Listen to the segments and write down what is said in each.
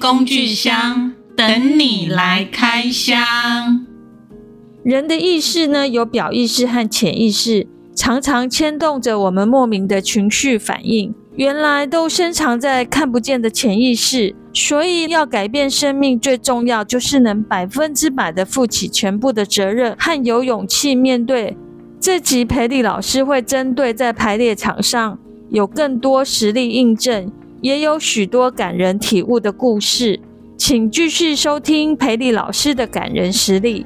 工具箱等你來開箱。人的意識呢，有表意識和潛意識，常常牽動着我們莫名的情緒反應。原來都深藏在看不見的潛意識，所以要改變生命，最重要就是能百分之百的負起全部的責任，和有勇氣面對。這集培麗老師會針對在排列場上有更多實例印證。也有許多感人體悟的故事，請繼續收聽培麗老師的感人實例。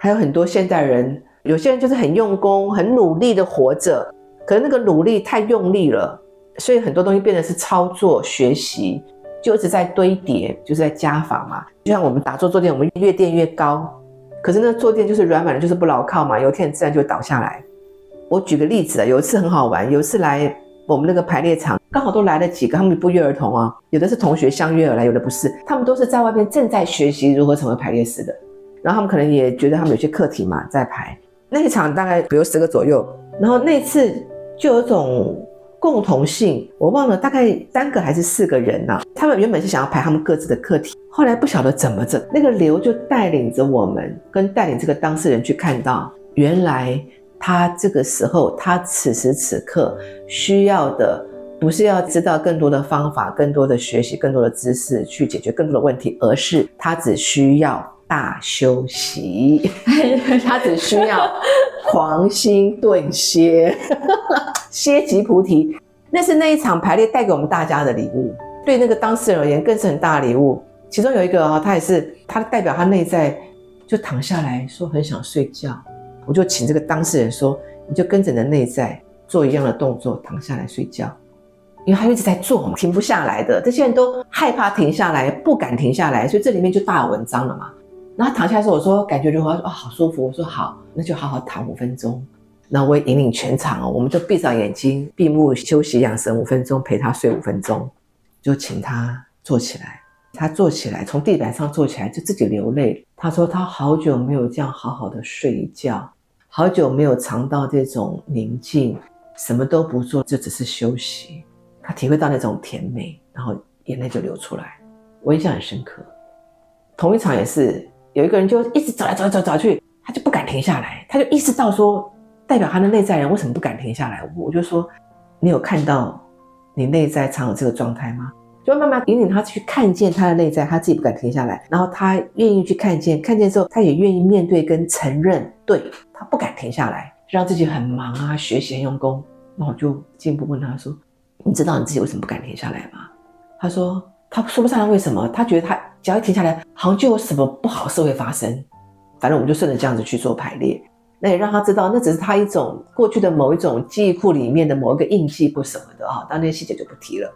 還有很多現代人，有些人就是很用功、很努力的活着，可是那個努力太用力了，所以很多東西變得是操作、學習，就一直在堆疊，就是在加法嘛。就像我們打坐坐墊，我們越墊越高，可是那坐墊就是軟軟的，就是不牢靠嘛，有一天自然就倒下來。我舉個例子啊，有一次很好玩，有一次來我們那個排列場。剛好都來了幾個，他們不約而同啊，有的是同學相約而來，有的不是，他們都是在外邊正在學習如何成為排列師的。然後他們可能也覺得他們有些課題嘛，在排。那一場大概比如十個左右，然後那次就有種共同性，我忘了大概三個還是四個人呢、啊。他們原本是想要排他們各自的課題，後來不曉得怎麼着，那個劉就帶領着我們跟帶領這個當事人去看到，原來他這個時候他此時此刻需要的。不是要知道更多的方法、更多的學習、更多的知識去解決更多的問題，而是他只需要大休息， 他只需要狂心頓歇，歇即菩提。那是那一場排列帶給我們大家的禮物，對那個當事人而言更是很大的禮物。其中有一個啊，他也是他代表他內在就躺下來說很想睡覺，我就請這個當事人說，你就跟着你的內在做一樣的動作，躺下來睡覺。因為他一直在做嘛，停不下來的。這些人都害怕停下來，不敢停下來，所以這裡面就大文章了嘛。然後躺下來時候，我說感覺如何？說，哦，好舒服。我說好，那就好好躺五分鐘。那我也引領全場，哦，我們就閉上眼睛，閉目休息養神五分鐘，陪他睡五分鐘，就請他坐起來。他坐起來，從地板上坐起來，就自己流淚。他說他好久沒有這樣好好的睡一覺，好久沒有嘗到這種寧靜，什麼都不做，就只是休息。他體會到那種甜美，然後眼淚就流出來，我印象很深刻。同一場也是有一個人就一直走來走來走去，他就不敢停下來，他就意識到說，代表他的內在的人為什麼不敢停下來？我就說，你有看到你內在常有這個狀態嗎？就慢慢引領他去看見他的內在，他自己不敢停下來，然後他願意去看見，看見之後他也願意面對跟承認，對，他不敢停下來，讓自己很忙啊，學習很用功。那我就進一步問他說。你知道你自己為什麼不敢停下來嗎？他說，他說不上來為什麼，他覺得他只要一停下來，好像就有什麼不好的事會發生。反正我們就順着這樣子去做排列，那也讓他知道，那只是他一種過去的某一種記憶庫裡面的某一個印記或什麼的啊。當天細節就不提了，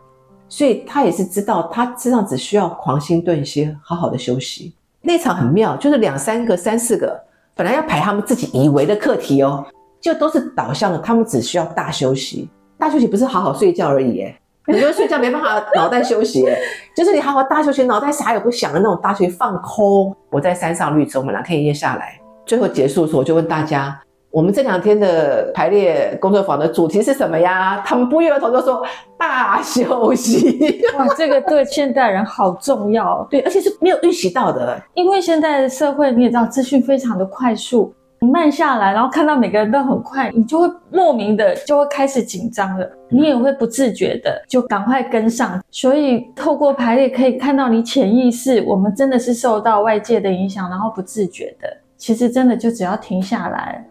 所以他也是知道，他身上只需要狂心頓歇，好好的休息。那場很妙，就是兩三個、三四個本來要排他們自己以為的課題哦，就都是導向了，他們只需要大休息。大休息不是好好睡覺而已，欸，你覺得睡覺沒辦法腦袋休息、欸？ 就是你好好大休息，腦袋啥也不想的那種大休息放空。我在山上綠植，我們兩天一夜下來，最後結束的時候我就問大家，我們這兩天的排列工作坊的主題是什麼呀？他們不約而同都說大休息。 哇，這個對現代人好重要， 對，而且是沒有預習到的，因為現在的社會你也知道，資訊非常的快速。你慢下來，然後看到每個人都很快，你就會莫名的就會開始緊張了，你也會不自覺的就趕快跟上。所以透過排列可以看到，你潛意識我們真的是受到外界的影響，然後不自覺的，其實真的就只要停下來。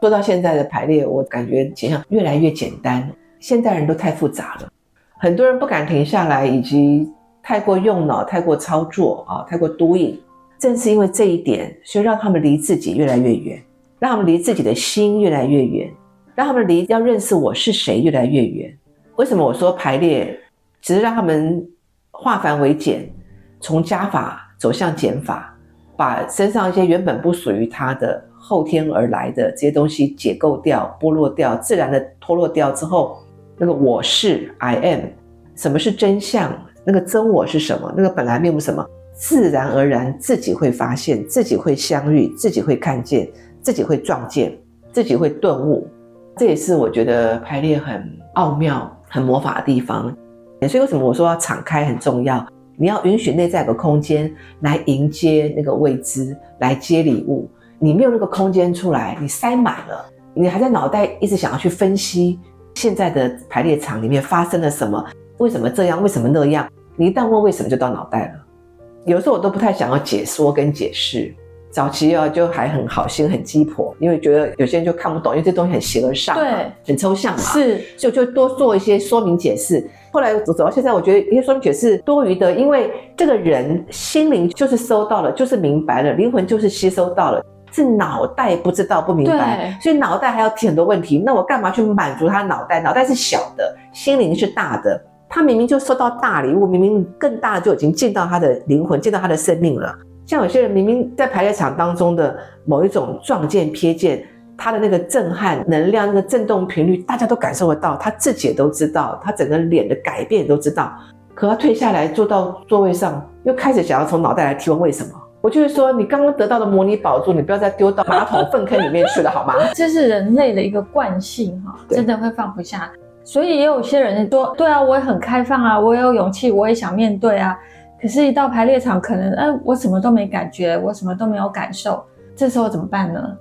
說到現在的排列，我感覺好像越來越簡單。現代人都太複雜了，很多人不敢停下來，以及太過用腦、太過操作啊，太過 doing。正是因為這一點，所以讓他們離自己越來越遠，讓他們離自己的心越來越遠，讓他們離要認識我是誰越來越遠。為什麼我說排列，只是讓他們化繁為簡，從加法走向減法，把身上一些原本不屬於他的後天而來的這些東西解構掉、剝落掉、自然的脫落掉之後，那個我是 I am，什麼是真相？那個真我是什麼？那個本來面目是什麼？自然而然，自己會發現，自己會相遇，自己會看見，自己會撞見，自己會頓悟。這也是我覺得排列很奧妙、很魔法的地方。所以，為什麼我說要敞開很重要？你要允許內在有個空間來迎接那個未知，來接禮物。你沒有那個空間出來，你塞滿了，你還在腦袋一直想要去分析現在的排列場裡面發生了什麼，為什麼這樣，為什麼那樣？你一旦問為什麼，就到腦袋了。有時候我都不太想要解說跟解釋，早期哦，就還很好心很雞婆，因為覺得有些人就看不懂，因為這東西很形而上，對，很抽象嘛，是，就就多做一些說明解釋。後來我走到現在，我覺得一些說明解釋多餘的，因為這個人心靈就是收到了，就是明白了，靈魂就是吸收到了，是腦袋不知道不明白，所以腦袋還要提很多問題，那我幹嘛去滿足他腦袋？腦袋是小的，心靈是大的。他明明就收到大禮物，明明更大的就已經見到他的靈魂，見到他的生命了。像有些人明明在排列場當中的某一種撞見、瞥見，他的那個震撼能量、那個震動頻率，大家都感受得到，他自己也都知道，他整個臉的改變也都知道。可他退下來，坐到座位上，又開始想要從腦袋來提問為什麼。我就會說，你剛剛得到的模擬寶珠，你不要再丟到馬桶糞坑裡面去了， 好嗎？這是人類的一個慣性哈，真的會放不下。所以也有些人說，對啊，我也很開放啊，我也有勇氣，我也想面對啊。可是，一到排列場，可能哎、啊，我什麼都沒感覺，我什麼都沒有感受。這時候怎麼辦呢？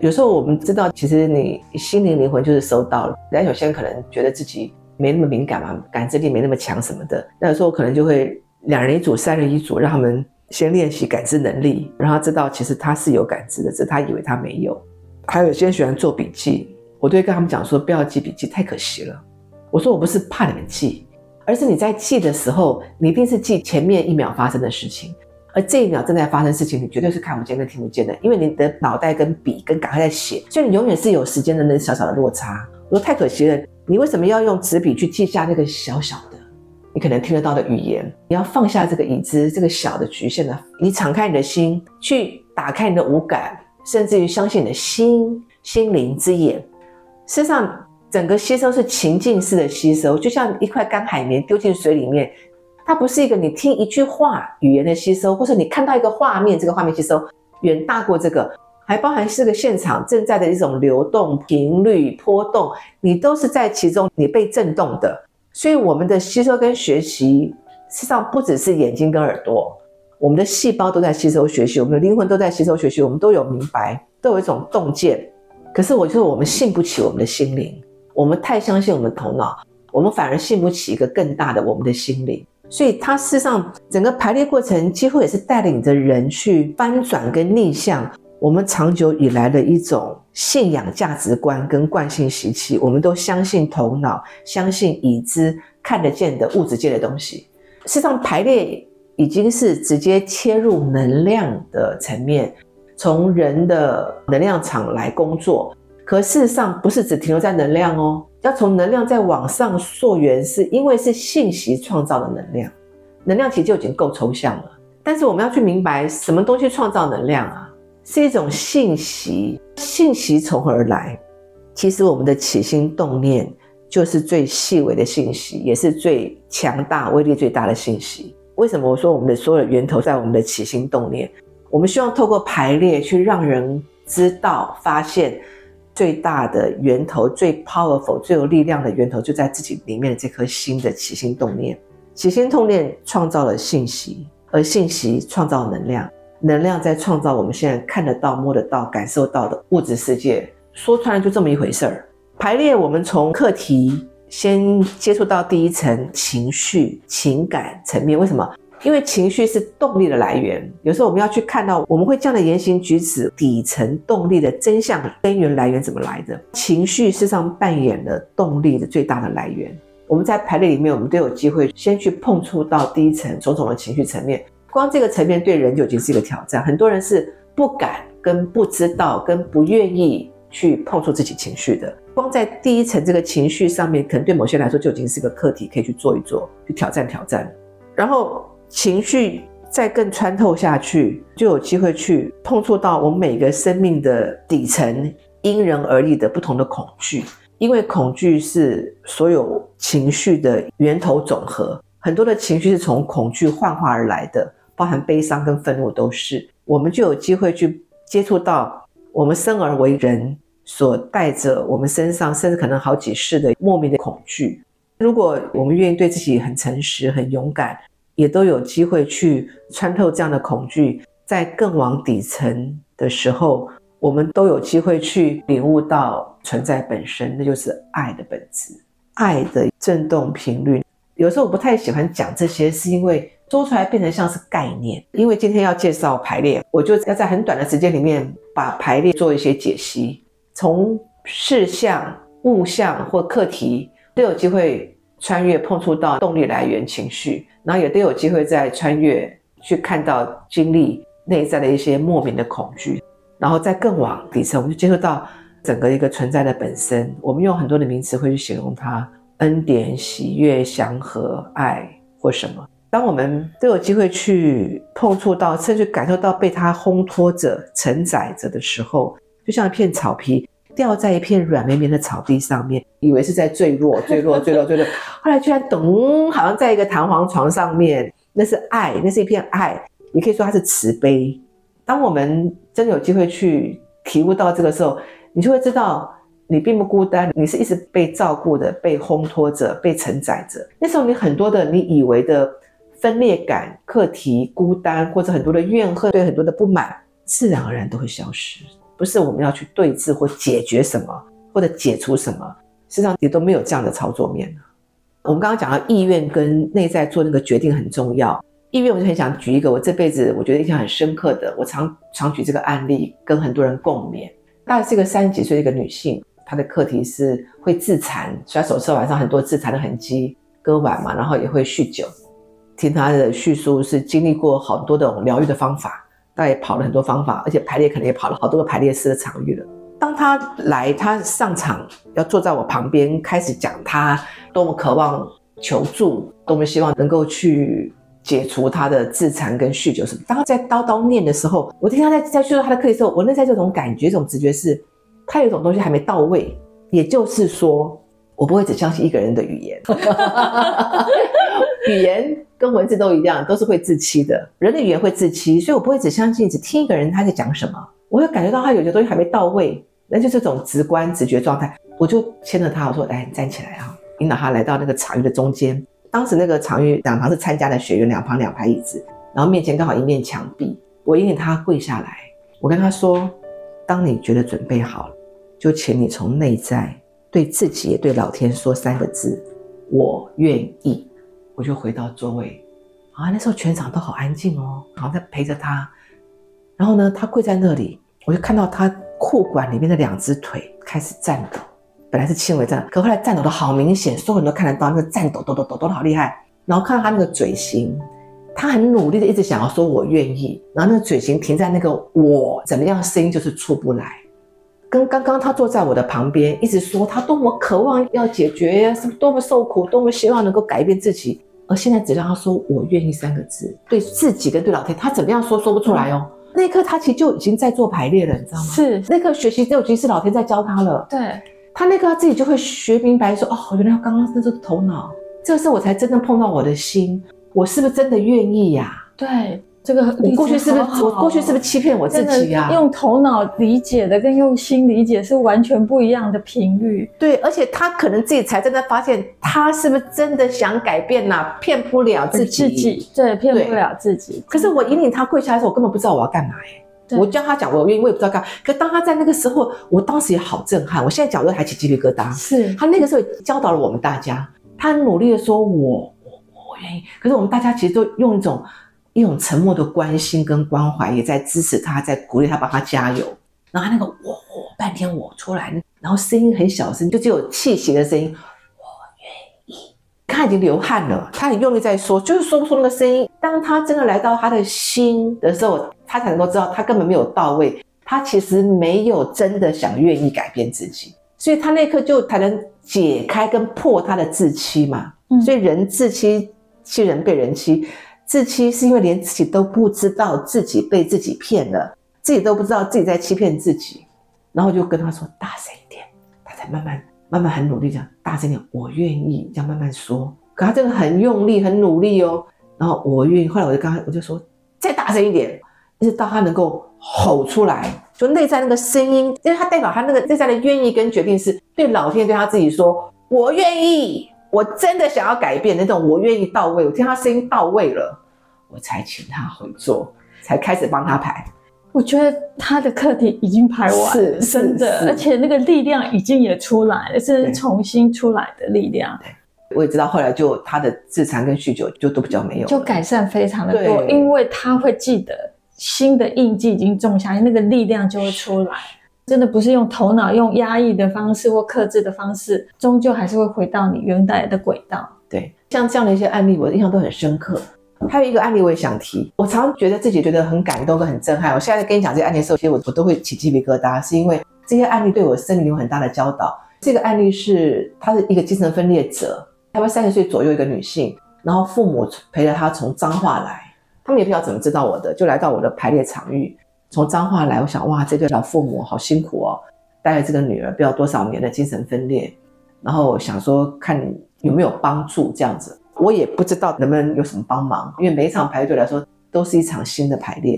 有時候我們知道，其實你心靈靈魂就是收到了。人家首先可能覺得自己沒那麼敏感嘛，感知力沒那麼強什麼的。那有時候可能就會兩人一組、三人一組，讓他們先練習感知能力，讓他知道其實他是有感知的，只是他以為他沒有。還有一些人喜歡做筆記。我對他們講說：“不要記筆記，太可惜了。”我說：“我不是怕你們記，而是你在記的時候，你一定是記前面一秒發生的事情，而這一秒正在發生事情，你絕對是看不見、聽不見的，因為你的腦袋跟筆跟趕快在寫，所以你永遠是有時間的那個小小的落差。”我說：“太可惜了，你為什麼要用紙筆去記下那個小小的，你可能聽得到的語言？你要放下這個椅子，這個小的局限呢？你敞開你的心，去打開你的五感，甚至於相信你的心心靈之眼。”事實上，整個吸收是情境式的吸收，就像一塊乾海綿丟進水裡面，它不是一個你聽一句話語言的吸收，或者你看到一個畫面這個畫面吸收，遠大過這個，還包含是個現場正在的一種流動頻率波動，你都是在其中，你被震動的。所以我們的吸收跟學習，實際上不只是眼睛跟耳朵，我們的細胞都在吸收學習，我們的靈魂都在吸收學習，我們都有明白，都有一種洞見。可是，我覺得我們信不起我們的心靈，我們太相信我們的頭腦，我們反而信不起一個更大的我們的心靈。所以，它事實上整個排列過程幾乎也是帶領着人去翻轉跟逆向我們長久以來的一種信仰價值觀跟慣性習氣。我們都相信頭腦，相信已知看得見的物質界的東西。事實上，排列已經是直接切入能量的層面。從人的能量場來工作，可事實上不是只停留在能量哦，要從能量再往上溯源，是因為是信息創造的能量。能量其實就已經夠抽象了，但是我們要去明白什麼東西創造能量啊，是一種信息。信息從何而來？其實我們的起心動念就是最細微的信息，也是最強大、威力最大的信息。為什麼我說我們的所有源頭在我們的起心動念？我們希望透過排列去讓人知道、發現最大的源頭、最 powerful、最有力量的源頭就在自己裡面的這顆心的起心動念。起心動念創造了信息，而信息創造能量，能量在創造我們現在看得到、摸得到、感受到的物質世界。說穿了就這麼一回事兒。排列，我們從課題先接觸到第一層情緒、情感層面，為什麼？因為情緒是動力的來源，有時候我們要去看到，我們會這樣的言行舉止底層動力的真相根源來源怎麼來的？情緒事實上扮演了動力的最大的來源。我們在排列裡面，我們都有機會先去碰觸到第一層種種的情緒層面。光這個層面對人就已經是一個挑戰，很多人是不敢、跟不知道、跟不願意去碰觸自己情緒的。光在第一層這個情緒上面，可能對某些人來說就已經是一個課題，可以去做一做，去挑戰挑戰，然後。情緒再更穿透下去，就有機會去碰觸到我們每個生命的底層，因人而異的不同的恐懼。因為恐懼是所有情緒的源頭總和，很多的情緒是從恐懼幻化而來的，包含悲傷跟憤怒都是。我們就有機會去接觸到我們生而為人所帶着我們身上，甚至可能好幾世的莫名的恐懼。如果我們願意對自己很誠實、很勇敢，也都有機會去穿透這樣的恐懼，在更往底層的時候，我們都有機會去領悟到存在本身，那就是愛的本質，愛的振動頻率。有時候我不太喜歡講這些，是因為說出來變成像是概念。因為今天要介紹排列，我就要在很短的時間裡面把排列做一些解析，從事項、物項或課題都有機會。穿越碰觸到動力來源情緒，然後也都有機會在穿越去看到經歷內在的一些莫名的恐懼，然後再更往底層，我們就接觸到整個一個存在的本身。我們用很多的名詞會去形容它：恩典、喜悅、祥和、愛或什麼。當我們都有機會去碰觸到，甚至感受到被它烘托着、承載着的時候，就像一片草皮。掉在一片軟綿綿的草地上面，以為是在墜落，墜落，墜落，墜落。 後來居然咚，好像在一個彈簧床上面，那是愛，那是一片愛，你可以說它是慈悲。當我們真的有機會去體悟到這個時候，你就會知道你並不孤單，你是一直被照顧的，被烘托着，被承載着。那時候，你很多的你以為的分裂感、課題、孤單，或者很多的怨恨、對很多的不滿，自然而然都會消失。不是我們要去對峙或解決什麼，或者解除什麼，實際上也都沒有這樣的操作面。我們剛剛講到意願跟內在做那個決定很重要，意願我就很想舉一個我這輩子我覺得印象很深刻的，我常常舉這個案例跟很多人共勉。大概是一個三十幾歲的一個女性，她的課題是會自殘，雖然手上晚上很多自殘的痕跡，割腕嘛，然後也會酗酒。聽她的敘述是經歷過很多的療癒的方法。他也跑了很多方法，而且排列可能也跑了好多個排列式的場域了。當他來，他上場要坐在我旁邊，開始講他多麼渴望求助，多麼希望能夠去解除他的自殘跟酗酒什麼。當他在叨叨念的時候，我聽他在在敘述他的課題的時候，我內在這種感覺、這種直覺是，他有一種東西還沒到位。也就是說，我不會只相信一個人的語言。 語言。跟文字都一樣，都是會自欺的。人的語言會自欺，所以我不會只相信、只聽一個人他在講什麼。我就感覺到他有些東西還沒到位，那就這種直觀、直覺狀態。我就牽着他，我說：“哎，你站起來啊！”引導他來到那個場域的中間。當時那個場域兩旁是參加的學員，兩旁兩排椅子，然後面前剛好一面牆壁。我引領他跪下來，我跟他說：“當你覺得準備好了，就請你從內在對自己也對老天說三個字：‘我願意’。”我就回到座位，啊，那時候全場都好安靜哦，然後在陪着他。然後呢，他跪在那裡，我就看到他褲管裡面的兩隻腿開始顫抖，本來是輕微顫抖，可後來顫抖的好明顯，所有人都看得到那個顫抖抖抖抖抖的好厲害。然後看到他那個嘴型，他很努力的一直想要說“我願意”，然後那個嘴型停在那個“我、哦”怎麼樣，聲音就是出不來。跟剛剛他坐在我的旁邊，一直說他多麼渴望要解決，呀，是不是多麼受苦，多麼希望能夠改變自己，而現在只讓他說“我願意”三個字，對自己跟對老天，他怎麼樣說說不出來哦、嗯。那一刻他其實就已經在做排列了，你知道嗎？是，那一刻學習就已經是老天在教他了。對，他那個他自己就會學明白說，說哦，原來剛剛是這個頭腦，這是我才真正碰到我的心，我是不是真的願意呀、啊？對。這個你過去是不是好好、啊、我過去是不是欺騙我自己啊？用頭腦理解的跟用心理解是完全不一樣的頻率。對，而且他可能自己才真的發現，他是不是真的想改變啊？騙不,不了自己，對，騙不了自己。可是我引領他跪下來的時候，我根本不知道我要幹嘛哎、欸。我教他講，我願意，我也不知道幹。可當他在那個時候，我當時也好震撼，我現在腳都還起雞皮疙瘩。是，他那個時候教導了我們大家，他很努力的說我：“我我我我願意。”可是我們大家其實都用一種。一種沉默的關心跟關懷，也在支持他，在鼓勵他，幫他加油。然後他那個我，半天我出來，然後聲音很小聲，就只有氣息的聲音。我願意。看他已經流汗了，他很用力在說，就是說不出那個聲音。當他真的來到他的心的時候，他才能夠知道，他根本沒有到位，他其實沒有真的想願意改變自己。所以他那刻就才能解開跟破他的自欺嘛。所以人自欺欺人，被人欺。自欺是因為連自己都不知道自己被自己騙了，自己都不知道自己在欺騙自己，然後就跟他說大聲一點，他才慢慢慢慢很努力講大聲點，我願意，這樣慢慢說。可他真的很用力很努力哦、喔，然後我願意。後來我就剛我就說再大聲一點，一直到他能夠吼出來，就內在那個聲音，因為他代表他那個內在的願意跟決定是對老天對他自己說，我願意，我真的想要改變那種我願意到位。我聽他聲音到位了。我才請他回座，才開始幫他排。我覺得他的課題已經排完，是，是真的，而且那個力量已經也出來了，是重新出來的力量。對，我也知道後來就他的自殘跟酗酒就都比較沒有了，就改善非常的多，因為他會記得新的印記已經種下，那個力量就會出來。真的不是用頭腦用壓抑的方式或克制的方式，終究還是會回到你原來的軌道。對，像這樣的一些案例，我印象都很深刻。還有一個案例我也想提，我常覺得自己覺得很感動跟很震撼。我現在跟你講這個案例的時候，其實我我都會起雞皮疙瘩，是因為這些案例對我身體有很大的教導。這個案例是她是一個精神分裂者，差不多三十歲左右一個女性，然後父母陪着他從彰化來，他們也不知道怎麼知道我的，就來到我的排列場域，從彰化來。我想哇，這對老父母好辛苦哦，帶着這個女兒不知道多少年的精神分裂，然後想說看你有沒有幫助這樣子。我也不知道能不能有什麼幫忙，因為每一場排列來說都是一場新的排列，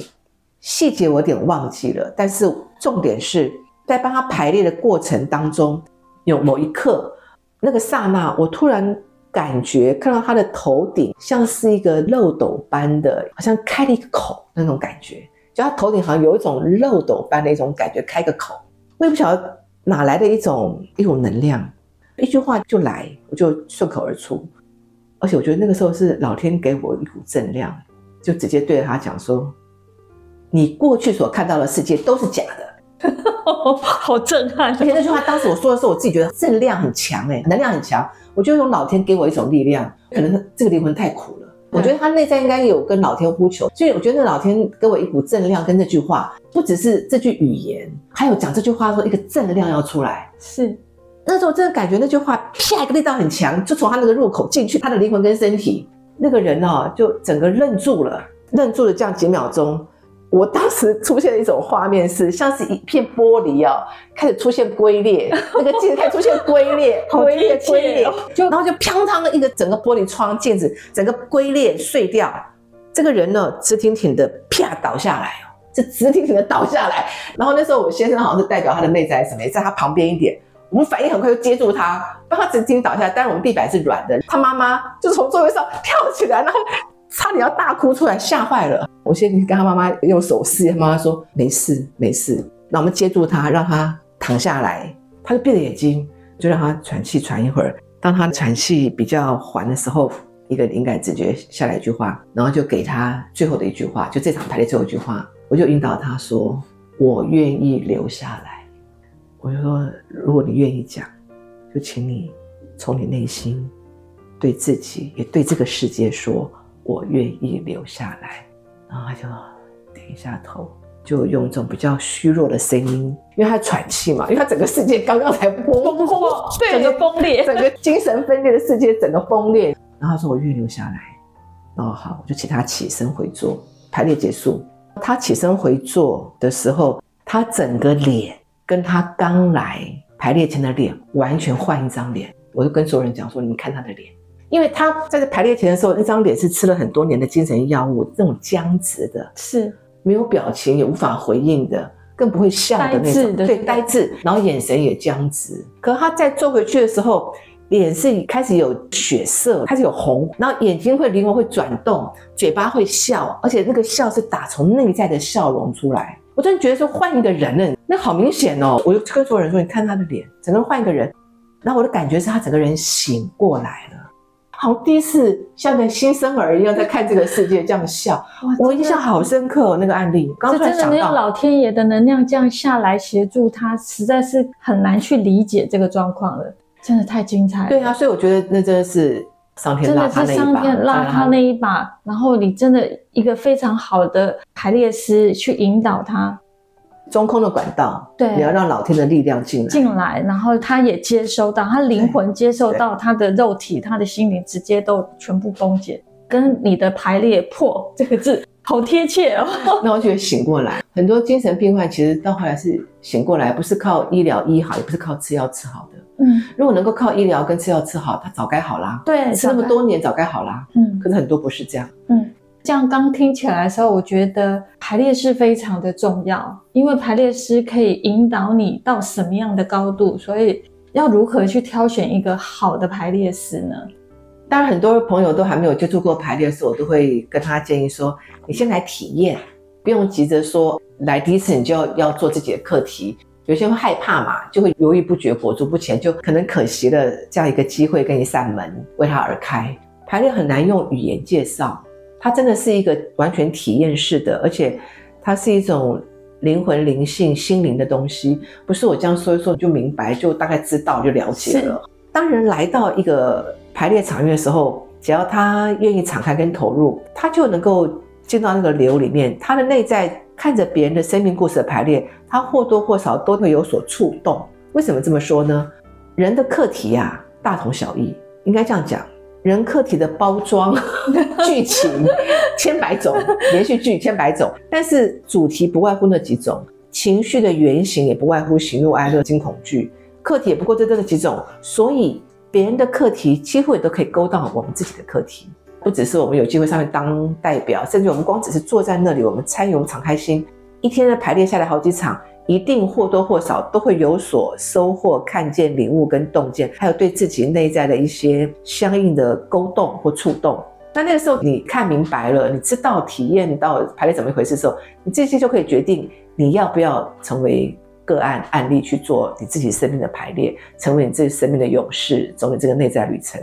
細節我有點忘記了，但是重點是在幫他排列的過程當中，有某一刻，那個剎那，我突然感覺看到他的頭頂像是一個漏斗般的，好像開了一個口那種感覺，就他頭頂好像有一種漏斗般的一種感覺，開個口，我也不曉得哪來的一種一種能量，一句話就來，我就順口而出。而且我覺得那個時候是老天給我一股正量，就直接對着他講說：“你過去所看到的世界都是假的， 好震撼！”而且那句話當時我說的時候，我自己覺得正量很強、欸，誒，能量很強。我覺得老天給我一種力量，可能這個靈魂太苦了、嗯，我覺得他內在應該有跟老天呼求，所以我覺得那老天給我一股正量，跟這句話不只是這句語言，還有講這句話說一個正量要出來、嗯、是。那時候真的感覺那句話啪一個力道很強，就從他那個入口進去，他的靈魂跟身體，那個人哦、喔、就整個愣住了，愣住了這樣幾秒鐘。我當時出現了一種畫面是，像是一片玻璃哦、喔、開始出現龜裂，那個鏡子開始出現龜裂，龜 裂龜裂， 龜裂的龜裂就 然後就砰嘡的一個整個玻璃窗鏡子整個龜裂碎掉， 這個人呢直挺挺的啪倒下來哦，就直挺挺的倒下來。然後那時候我先生好像是代表他的內在什麼，也在他旁邊一點。我們反應很快就接住他，幫他直接倒下來。但是我們地板是軟的，他媽媽就從座位上跳起來，然後差點要大哭出來，嚇壞了。我先跟他媽媽用手勢，他媽媽說沒事沒事。那我們接住他，讓他躺下來，他就閉着眼睛，就讓他喘氣喘一會兒。當他喘氣比較緩的時候，一個靈感直覺下來一句話，然後就給他最後的一句話，就這場排的最後一句話，我就引導他說：“我願意留下來。”我就說，如果你願意講，就請你從你內心對自己，也對這個世界說：“我願意留下來。”然後他就點一下頭，就用一種比較虛弱的聲音，因為他喘氣嘛，因為他整個世界剛剛才崩破，對，整個崩裂，整個精神分裂的世界，整個崩裂。然後他說：“我願意留下來。”哦，然後好，我就請他起身回座。排列結束，他起身回座的時候，他整個臉。跟他剛來排列前的臉完全換一張臉，我就跟所有人講說：“你們看他的臉，因為他在這排列前的時候，那張臉是吃了很多年的精神藥物，那種僵直的，是沒有表情也無法回應的，更不會笑的那種，呆滯，對，呆滯，然後眼神也僵直。可他再坐回去的時候，臉是開始有血色，開始有紅，然後眼睛會靈活會轉動，嘴巴會笑，而且那個笑是打從內在的笑容出來。我真的覺得說換一個人呢！那好明顯哦！我就跟所有人說：“你看他的臉，整個換一個人。”然後我的感覺是他整個人醒過來了，好像第一次像個新生兒一樣在看這個世界，這樣笑。, 我印象好深刻哦，那個案例。這真的沒有老天爺的能量這樣下來協助他，實在是很難去理解這個狀況了。真的太精彩了。對啊，所以我覺得那真的是上天，真的是上天拉他那一把、嗯啊。然後你真的一個非常好的排列師去引導他。中空的管道，對，你要讓老天的力量進來，進來，然後他也接收到，他靈魂接受到，他的肉體，他的心靈直接都全部崩解，跟你的排列破這個字好貼切哦。那我覺得醒過來，很多精神病患其實到後來是醒過來，不是靠醫療醫好，也不是靠吃藥吃好的。嗯，如果能夠靠醫療跟吃藥吃好，他早該好啦。對，吃那麼多年早該好啦。嗯，可是很多不是這樣。嗯。這樣剛聽起來的時候，我覺得排列師非常的重要，因為排列師可以引導你到什麼樣的高度，所以要如何去挑選一個好的排列師呢？當然，很多朋友都還沒有接觸過排列師，我都會跟他建議說，你先來體驗，不用急着說，來第一次你就要要做自己的課題，有些人會害怕嘛，就會猶豫不決，裹足不前，就可能可惜了這樣一個機會跟一扇門為他而開。排列很難用語言介紹。它真的是一個完全體驗式的，而且它是一種靈魂、靈性、心靈的東西，不是我這樣說一說就明白，就大概知道就了解了。是。當人來到一個排列場域的時候，只要他願意敞開跟投入，他就能夠進到那個流裡面。他的內在看着別人的生命故事的排列，他或多或少都會有所觸動。為什麼這麼說呢？人的課題啊，大同小異，應該這樣講。人課題的包裝劇情千百種，連續劇千百種，但是主題不外乎那幾種，情緒的原型也不外乎喜怒哀樂、驚恐懼，課題也不過就這幾種，所以別人的課題幾乎也都可以勾到我們自己的課題，不只是我們有機會上去當代表，甚至我們光只是坐在那裡，我們參與，我們敞開心，一天的排列下來好幾場。一定或多或少都會有所收穫，看見、領悟跟洞見，還有對自己內在的一些相應的勾動或觸動。那那個時候，你看明白了，你知道、體驗到排列怎麼一回事的時候，你這些就可以決定你要不要成為個案案例，去做你自己生命的排列，成為你自己生命的勇士，走你這個內在旅程。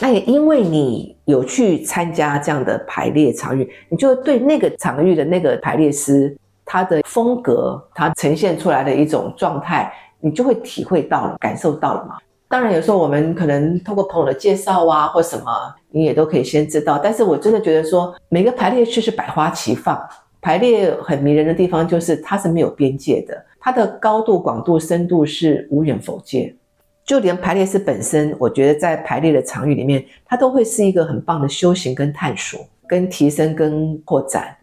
那也因為你有去參加這樣的排列場域，你就對那個場域的那個排列師，它的風格，它呈現出來的一種狀態，你就會體會到了，感受到了嘛？當然，有時候我們可能通過朋友的介紹啊，或什麼，你也都可以先知道。但是我真的覺得說，每個排列卻是百花齊放，排列很迷人的地方就是它是沒有邊界的，它的高度、廣度、深度是無遠弗屆。就連排列師本身，我覺得在排列的場域裡面，它都會是一個很棒的修行、跟探索、跟提升、跟擴展。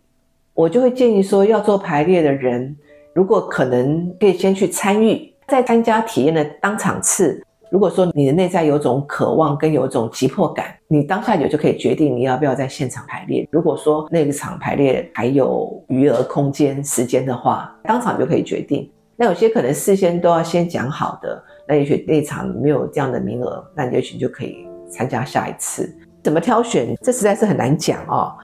我就會建議說，要做排列的人，如果可能，可以先去參與，在參加體驗的當場次。如果說你的內在有種渴望跟有種急迫感，你當下你就可以決定你要不要在現場排列。如果說那個場排列還有餘額空間時間的話，當場就可以決定。那有些可能事先都要先講好的，那也許那場沒有這樣的名額，那也許你就可以參加下一次。怎麼挑選？這實在是很難講哦。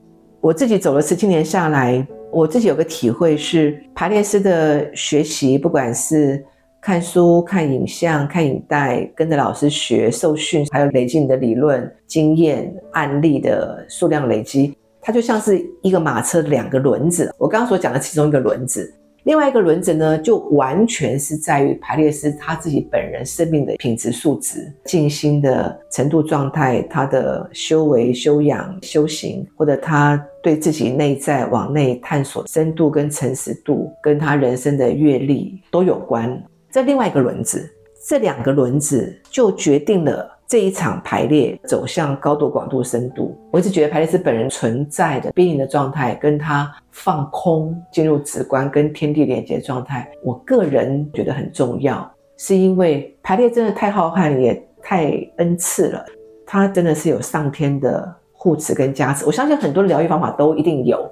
我自己走了十七年下來，我自己有個體會是，排列師的學習，不管是看書、看影像、看影帶，跟着老師學、受訓，還有累積你的理論、經驗、案例的數量累積，它就像是一個馬車兩個輪子，我剛剛所講的其中一個輪子。另外一個輪子呢，就完全是在於排列師他自己本人生命的品質素質、靜心的程度、狀態、他的修為、修養、修行，或者他對自己內在往內探索深度跟誠實度，跟他人生的閱歷都有關。這另外一個輪子，這兩個輪子就決定了。這一場排列走向高度、廣度、深度，我一直覺得排列師本人存在的邊緣的狀態，跟他放空進入直觀跟天地連接的狀態，我個人覺得很重要，是因為排列真的太浩瀚，也太恩賜了，它真的是有上天的護持跟加持。我相信很多療癒方法都一定有，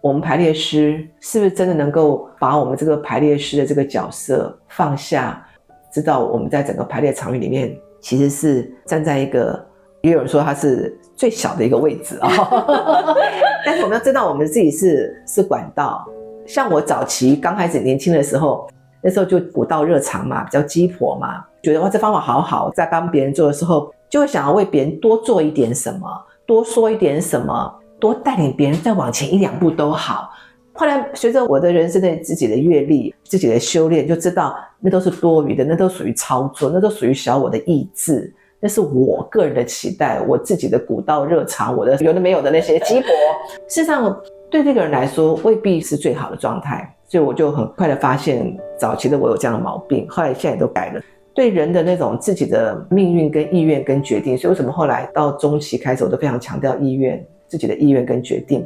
我們排列師是不是真的能夠把我們這個排列師的這個角色放下，知道我們在整個排列場域裡面。其實是站在一個，也有人說他是最小的一個位置啊、哦， 但是我們要知道我們自己是是管道。像我早期剛開始年輕的時候，那時候就古道熱腸嘛，比較雞婆嘛，覺得哇這方法好好，好，在幫別人做的時候，就會想要為別人多做一點什麼，多說一點什麼，多帶領別人再往前一兩步都好。後來，隨着我的人生的自己的閱歷，自己的修煉，就知道那都是多餘的，那都屬於操作，那都屬於小我的意志，那是我個人的期待，我自己的古道熱腸，我的有的沒有的那些雞婆，事實上對這個人來說未必是最好的狀態。所以我就很快的發現，早期的我有這樣的毛病，後來現在也都改了。對人的那種自己的命運、跟意願、跟決定，所以為什麼後來到中期開始，我都非常強調意願、自己的意願跟決定。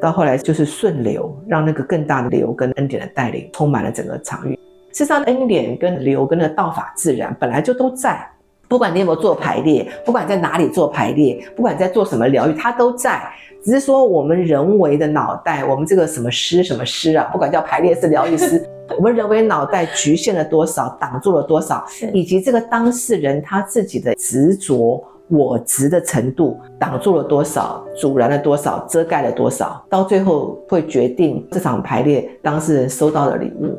到後來就是順流，讓那個更大的流跟恩典的帶領充滿了整個場域。事實上，恩典跟流跟那個道法自然本來就都在，不管你有沒有做排列，不管在哪裡做排列，不管在做什麼療癒，它都在。只是說我們人為的腦袋，我們這個什麼師什麼師啊，不管叫排列師、療癒師， 我們人為腦袋局限了多少，擋住了多少，以及這個當事人他自己的執着。我值的程度擋住了多少，阻攔了多少，遮蓋了多少，到最後會決定這場排列當事人收到的禮物。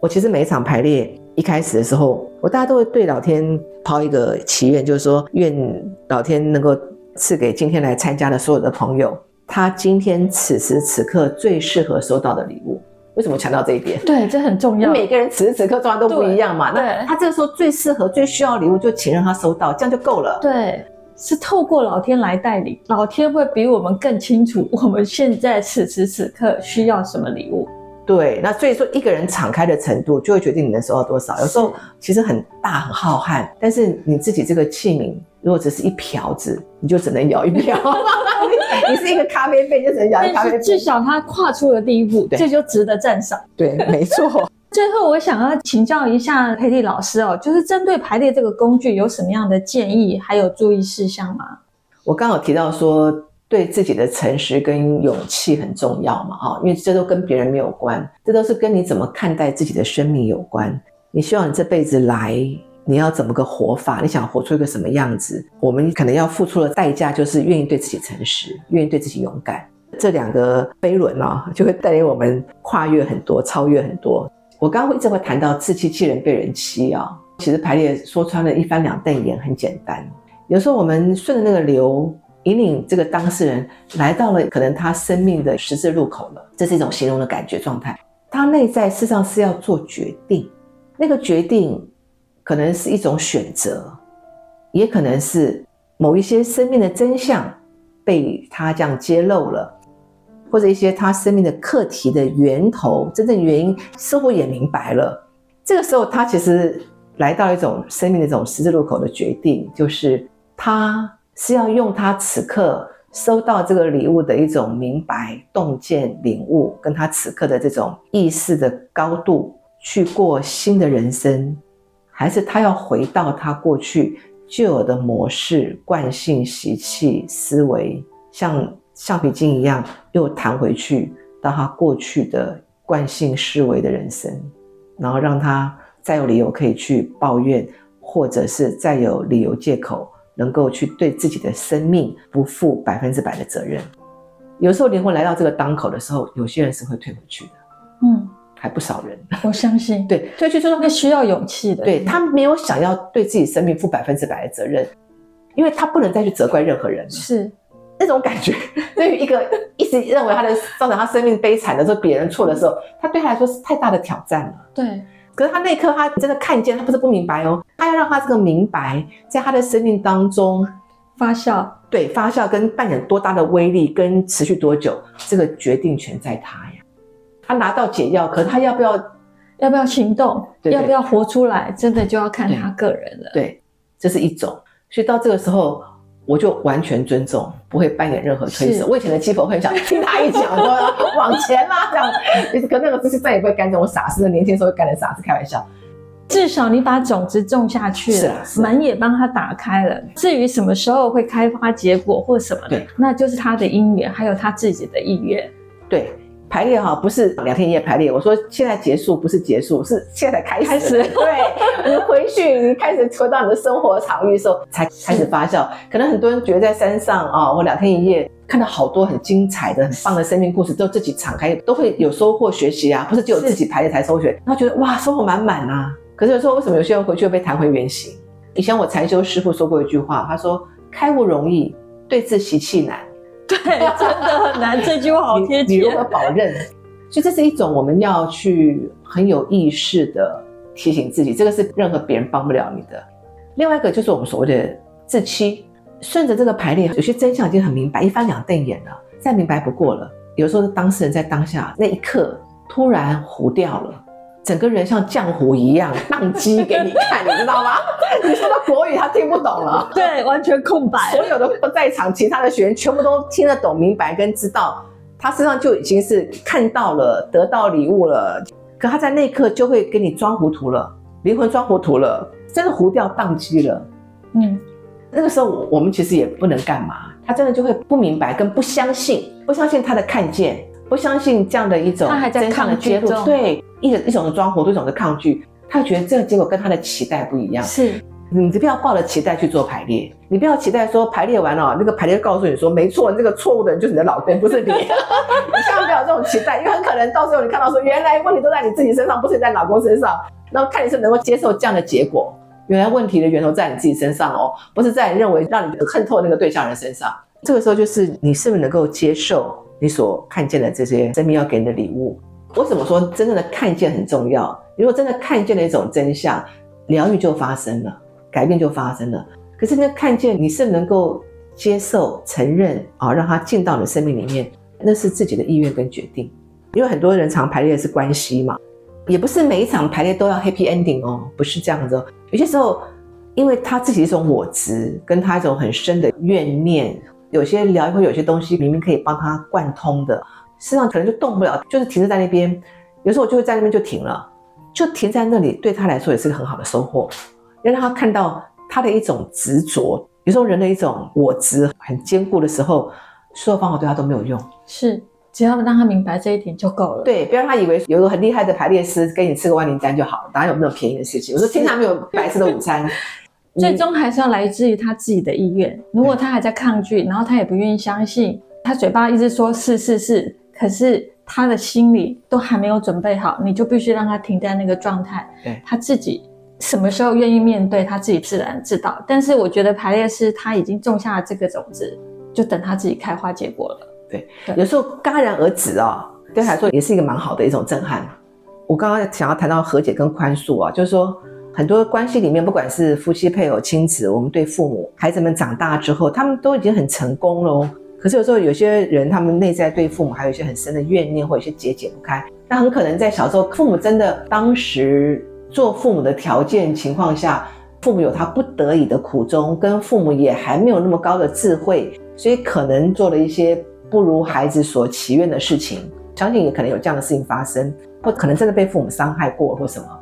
我其實每一場排列一開始的時候，我大家都會對老天拋一個祈願，就是說願老天能夠賜給今天來參加的所有的朋友，他今天此時此刻最適合收到的禮物。為什麼強調這一點？對，這很重要。每個人此時此刻狀態都不一樣嘛，對。那他這個時候最適合、最需要禮物，就請讓他收到，這樣就夠了。對，是透過老天來代理，老天會比我們更清楚我們現在此時此刻需要什麼禮物。對，那所以說一個人敞開的程度，就會決定你能收到多少。有時候其實很大很浩瀚，但是你自己這個器皿。如果只是一瓢子，你就只能舀一瓢。 你是一個咖啡杯，就只能舀一瓢。至少他跨出了第一步，對，這就值得讚賞。對，沒錯。 最後我想要請教一下培麗老師哦，就是針對排列這個工具有什麼樣的建議，還有注意事項嗎？我剛好提到說，對自己的誠實跟勇氣很重要嘛，啊、哦，因為這都跟別人沒有關，這都是跟你怎麼看待自己的生命有關。你希望你這輩子來。你要怎麼個活法？你想活出一個什麼樣子？我們可能要付出的代價就是願意對自己誠實，願意對自己勇敢。這兩個飛輪啊，就會帶領我們跨越很多，超越很多。我剛剛會一直會談到自欺欺人被人欺啊、哦。其實排列說穿了一翻兩瞪眼很簡單。有時候我們順着那個流，引領這個當事人來到了可能他生命的十字路口了。這是一種形容的感覺狀態。他內在事實上是要做決定，那個決定。可能是一種選擇，也可能是某一些生命的真相被他這樣揭露了，或者一些他生命的課題的源頭，真正原因似乎也明白了。這個時候，他其實來到一種生命的這種十字路口的決定，就是他是要用他此刻收到這個禮物的一種明白、洞見、領悟，跟他此刻的這種意識的高度去過新的人生。還是他要回到他過去舊有的模式、慣性、習氣、思維，像橡皮筋一樣又彈回去到他過去的慣性思維的人生，然後讓他再有理由可以去抱怨，或者是再有理由借口能夠去對自己的生命不負百分之百的責任。有時候靈魂來到這個當口的時候，有些人是會退回去的。嗯。還不少人，我相信，對，所以就是說他，那個需要勇氣的是不是？對，他沒有想要對自己生命負百分之百的責任，因為他不能再去責怪任何人，是那種感覺。對於一個一直認為他的造成他生命悲慘的說別人錯的時候，的時候，嗯，他對他來說是太大的挑戰了。對，可是他那一刻，他真的看見，他不是不明白哦，他要讓他這個明白，在他的生命當中發酵，對，發酵跟扮演多大的威力，跟持續多久，這個決定權在他呀。他拿到解藥，可是他要不要，要不要行動，對對對，要不要活出來，真的就要看他個人了對。對，這是一種。所以到這個時候，我就完全尊重，不會扮演任何推手。我以前的雞婆會想聽他一講，說 往前啦這樣。可是那個就是再也不會幹這種傻事了。年輕時候會幹點傻事，開玩笑。至少你把種子種下去了，門也幫他打開了。至於什麼時候會開花結果或什麼的，那就是他的因緣，還有他自己的意願。對。排列哈、啊、不是兩天一夜排列，我說現在結束不是結束，是現在才開始。開始，對 你回去，你開始回到你的生活場域的時候才開始發酵。可能很多人覺得在山上啊，或兩天一夜看到好多很精彩的、很棒的生命故事，都自己敞開，都會有收穫學習啊。不是只有自己排列才收學，他覺得哇收穫滿滿啊。可是有時候為什麼有些人回去又被彈回原形？以前我禪修師父說過一句話，他說開悟容易，對治習氣難。對，真的很難。這句話好貼切。 你如何保證？所以這是一種我們要去很有意識的提醒自己，這個是任何別人幫不了你的。另外一個就是我們所謂的自欺，順着這個排列，有些真相已經很明白，一翻兩瞪眼了，再明白不過了。有時候當事人在當下那一刻突然糊掉了。整個人像漿糊一樣宕機給你看， 你知道嗎？你說的國語他聽不懂了，對，完全空白。所有的不在場，其他的學員全部都聽得懂、明白跟知道，他身上就已經是看到了、得到禮物了。可他在那一刻就會給你裝糊塗了，靈魂裝糊塗了，真的糊掉、宕機了。嗯，那個時候我們其實也不能幹嘛，他真的就會不明白跟不相信，不相信他的看見。不相信這樣的一種真的結果，對，一種一種的裝糊塗，一種的抗拒，他覺得這樣的結果跟他的期待不一樣。是，你不要抱着期待去做排列，你不要期待說排列完了、哦，那個排列告訴你說沒錯，那、這個錯誤的人就是你的老公，不是你。 你千萬不要有這種期待，因為很可能到時候你看到說原來問題都在你自己身上，不是在你老公身上。然後看你是能夠接受這樣的結果，原來問題的源頭在你自己身上哦，不是在你認為讓你恨透那個對象人身上。這個時候就是你是不是能夠接受？你所看見的這些生命要給你的禮物，我怎麼說？真正的看見很重要。如果真的看見了一種真相，療癒就發生了，改變就發生了。可是那看見你是能夠接受、承認啊、哦，讓它進到你的生命裡面，那是自己的意願跟決定。因為很多人常排列的是關係嘛，也不是每一場排列都要 happy ending 哦，不是這樣子哦。有些時候，因為他自己一種我執，跟他一種很深的怨念。有些聊一會兒，有些東西明明可以幫他貫通的，事實上可能就動不了，就是停著在那邊。有時候我就會在那邊就停了，就停在那裡，對他來說也是個很好的收穫，要讓他看到他的一種執着。有時候人的一種我執很堅固的時候，所有方法對他都沒有用。是，只要讓他明白這一點就夠了。對，不要讓他以為有一個很厲害的排列師給你吃個萬靈丹就好了，哪有那麼便宜的事情？我說天上沒有白吃的午餐。 最終還是要來自於他自己的意願。如果他還在抗拒，然後他也不願意相信，他嘴巴一直說“是是是”，可是他的心裡都還沒有準備好，你就必須讓他停在那個狀態。他自己什麼時候願意面對，他自己自然知道。但是我覺得排列師他已經種下了這個種子，就等他自己開花結果了。對，對有時候戛然而止哦。對他來說也是一個蠻好的一種震撼。我剛剛想要談到和解跟寬恕啊，就是說。很多關係裡面，不管是夫妻、配偶、親子，我們對父母，孩子們長大之後，他們都已經很成功囉。可是有時候有些人，他們內在對父母還有一些很深的怨念，或一些解解不開。那很可能在小時候，父母真的當時做父母的條件情況下，父母有他不得已的苦衷，跟父母也還沒有那麼高的智慧，所以可能做了一些不如孩子所祈願的事情。相信也可能有這樣的事情發生，或可能真的被父母傷害過，或什麼。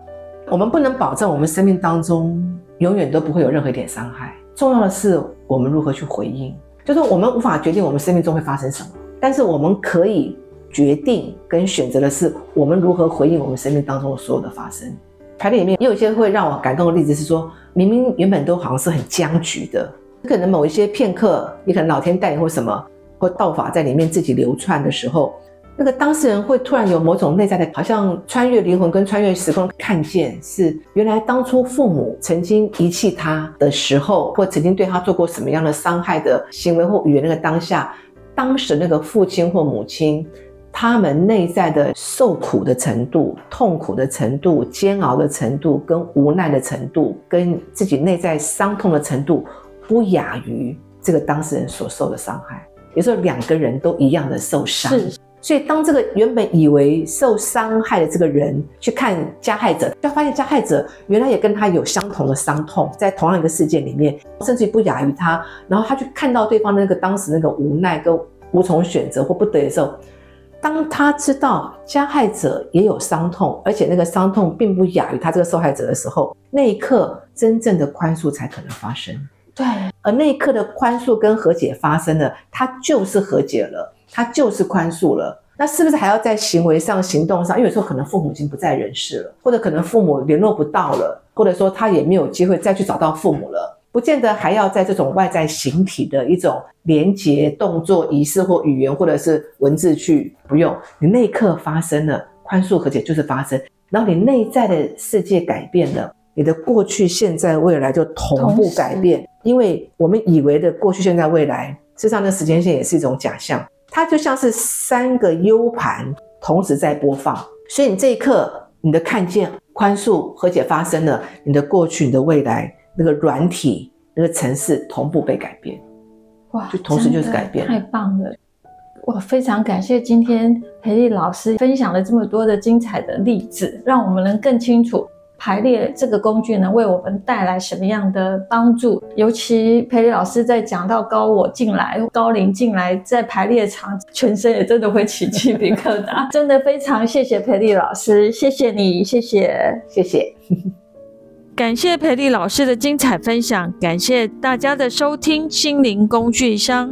我們不能保證我們生命當中永遠都不會有任何一點傷害。重要的是我們如何去回應。就是我們無法決定我們生命中會發生什麼，但是我們可以決定跟選擇的是我們如何回應我們生命當中的所有的發生。台裡面也有一些會讓我感動的例子，是說明明原本都好像是很僵局的，可能某一些片刻，你可能老天帶你或什麼或道法在裡面自己流竄的時候。那個當事人會突然有某種內在的，好像穿越靈魂跟穿越時空。看見是原來當初父母曾經遺棄他的時候，或曾經對他做過什麼樣的傷害的行為或語言。那個當下，當時那個父親或母親，他們內在的受苦的程度、痛苦的程度、煎熬的程度、跟無奈的程度，跟自己內在傷痛的程度，不亞於這個當事人所受的傷害。有時候兩個人都一樣的受傷。所以，當這個原本以為受傷害的這個人去看加害者，就發現加害者原來也跟他有相同的傷痛，在同樣一個事件裡面，甚至於不亞於他。然後他去看到對方的那個當時那個無奈跟無從選擇或不得的時候，當他知道加害者也有傷痛，而且那個傷痛並不亞於他這個受害者的時候，那一刻真正的寬恕才可能發生。對，而那一刻的寬恕跟和解發生了，他就是和解了。他就是寬恕了，那是不是還要在行為上、行動上？因為有時候可能父母已經不在人世了，或者可能父母聯絡不到了，或者說他也沒有機會再去找到父母了，不見得還要在這種外在形體的一種連接、動作、儀式或語言或者是文字去，不用。你那一刻發生了寬恕和解就是發生，然後你內在的世界改變了，你的過去、現在、未來就同步改變。因為我們以為的過去、現在、未來，實際上的時間線也是一種假象。它就像是三個 U 盤同時在播放，所以你這一刻，你的看見、寬恕、和解發生了，你的過去、你的未來那個軟體、那個程式同步被改變，哇！就同時就是改變，太棒了！我非常感謝今天培麗老師分享了這麼多的精彩的例子，讓我們能更清楚。排列這個工具能為我們帶來什麼樣的幫助？尤其培麗老師在講到高我進來、高靈進來，在排列場，全身也真的會起雞皮疙瘩。 真的非常謝謝培麗老師，謝謝你，謝謝，謝謝。感謝培麗老師的精彩分享，感謝大家的收聽《心靈工具箱》。